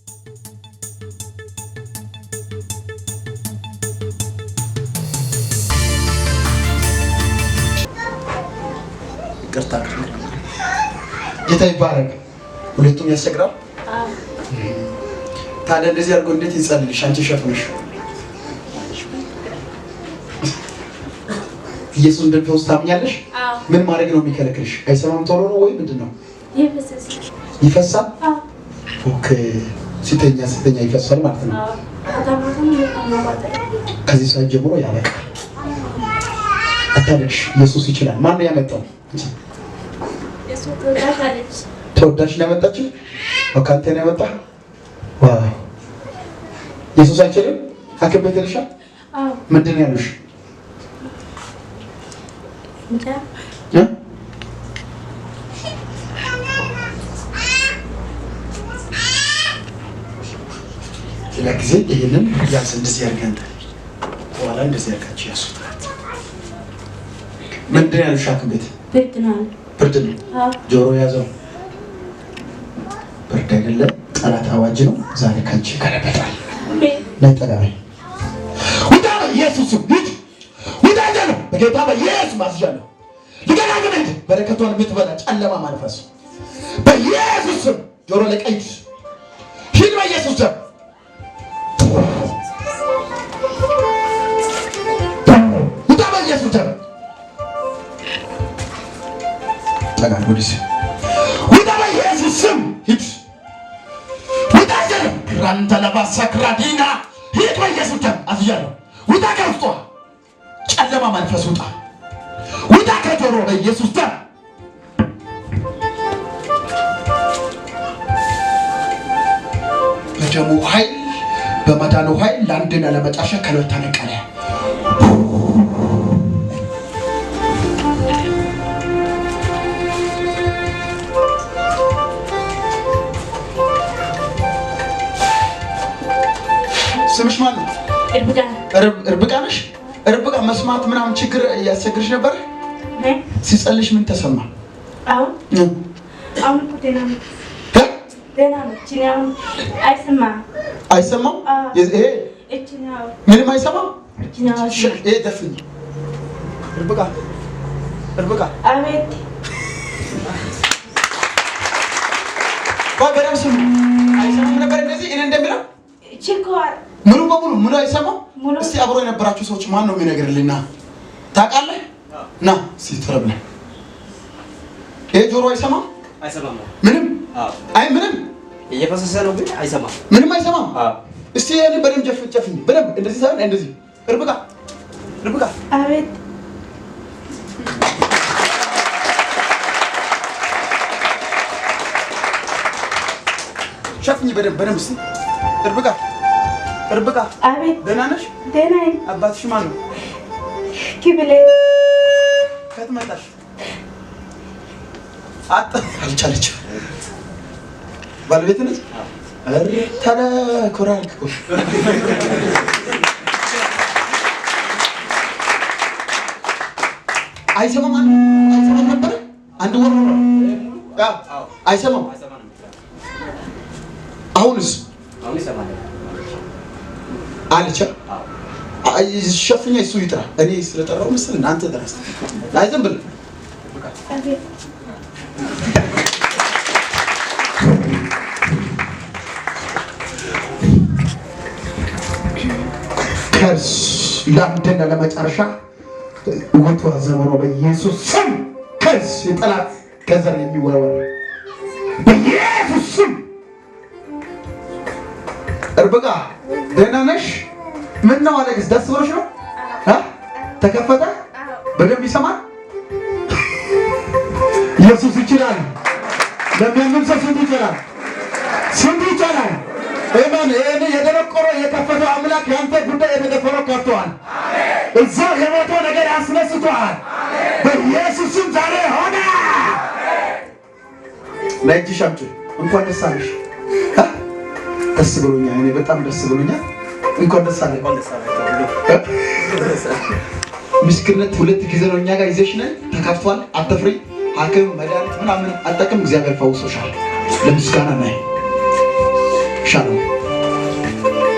ይቅርታ ጌታ ይባረክ። ሁለቱም ያሰግራል። ታዲያ እንደዚህ አድርጎ እንዴት ይጸልልሽ? አንቺ ሸፍነሽ ኢየሱስ እንደሚፈውስ ታምኛለሽ? ምን ማድረግ ነው የሚከለክልሽ? አይሰማም ቶሎ ነው ወይ ምንድን ነው? ይፈሳል። ኦኬ ሲተኛ ሲተኛ ይፈሳል ማለት ነው። ከዚህ ሰዓት ጀምሮ ያበቃል አታለቅሽ። ኢየሱስ ይችላል። ማን ነው ያመጣው? ተወዳሽ ነው ያመጣችው። ከአንተ ነው ያመጣ። ኢየሱስ አይችልም። ሐኪም ቤት ሄደሻል? ምንድን ነው ያሉሽ? ሌላ ጊዜ ይህንን ያዝ እንደዚህ ያርገን በኋላ እንደዚህ ምንድን ያሉ ሻክ ቤት ብርድ ነው። ጆሮ ያዘው ብርድ አይደለም። ጠላት አዋጅ ነው። ዛሬ ውጣ ኢየሱስ ውጣ ነው በጌታ በኢየሱስ ነው በረከቷን የምትበላ ጨለማ በኢየሱስ ጆሮ ሂድ በኢየሱስ አትተው። ጠጋ ለባሳ ክራዲና ሂድ፣ በኢየሱስ ስም አዝያለሁ። ውጣ ከውስጧ ጨለማ መንፈስ ውጣ፣ ውጣ ከጆሮ በኢየሱስ ስም በደሙ ኃይል በመዳኑ ኃይል ለአንድና ለመጨረሻ ከሁለት ተነቀለ። ስምሽ ማን ነው? እርብቃ ነሽ? እርብቃ መስማት ምናምን ችግር እያስቸግርሽ ነበር? ሲጸልሽ ምን ተሰማ? አሁን አሁን ደህና አይሰማም። ምንም አይሰማም። ደፍኝ። እርብቃ እርብቃ። አቤት። በደምብ ስሙ። አይሰማም ነበር እንደዚህ እንደሚለው ምኑ በሙሉ ምኑ አይሰማም። እስቲ አብሮ የነበራችሁ ሰዎች ማን ነው የሚነግርልኝና ታውቃለህ? ና ሲትረብለ ይሄ ጆሮ አይሰማም። ምንም አይ ምንም እየፈሰሰ ነው ግን አይሰማም። ምንም አይሰማም። እስቲ ይሄን በደምብ ጀፍ ጀፍ በደምብ እንደዚህ ሳይሆን እንደዚህ እርብቃ እርብቃ አቤት ሸፍኝ በደምብ በደምብ እስቲ እርብቃ እርብቃ። አቤት። ደህና ነሽ? ደህና ነኝ። አባትሽ ማን ነው? ኪብሌ። ከት መጣሽ? አጥ አልቻለችም። ባለቤት ነች? አረ ተለኮራልኩ አይሰማም አይሰማም ነበር። አንድ ወር አይሰማም። አሁንስ አሁን ይሰማል። አልቻል ሸፍኛ እሱ ይጥራ። እኔ ስለጠራው ምስል አንተ ጥራ። አይ ዝም ከርስ ለአንድና ለመጨረሻ ወቷ ዘመሮ በኢየሱስ ስም ከርስ የጠላት ከዘር የሚወረወር በኢየሱስ ስም እርብቃ ደህና ነሽ? ምን ነው አለቅስ? ደስ ብሎሽ ነው? ተከፈተ? በደንብ ይሰማል? ኢየሱስ ይችላል። ለሚያምን ሰው ስንት ይችላል፣ ስንት ይችላል። አሜን። ይሄን የደነቆረው የከፈተ አምላክ ያንተ ጉዳይ የተደፈረው ከፍቷል። እዛ የሞተው ነገር አስነስቷል። በኢየሱስም ዛሬ ሆነ። ለእጅሽ አምጪ። እንኳን ደስ አለሽ። ደስ ብሎኛል። እኔ በጣም ደስ ብሎኛል። እንኳን ደስ አለ። ምስክርነት ሁለት ጊዜ ነው እኛ ጋር ይዘሽ ነን። ተከፍቷል። አትፍሪ። ሐኪም መድኃኒት ምናምን አጠቅም እግዚአብሔር ፈውሶሻል። ለምስጋና ነይ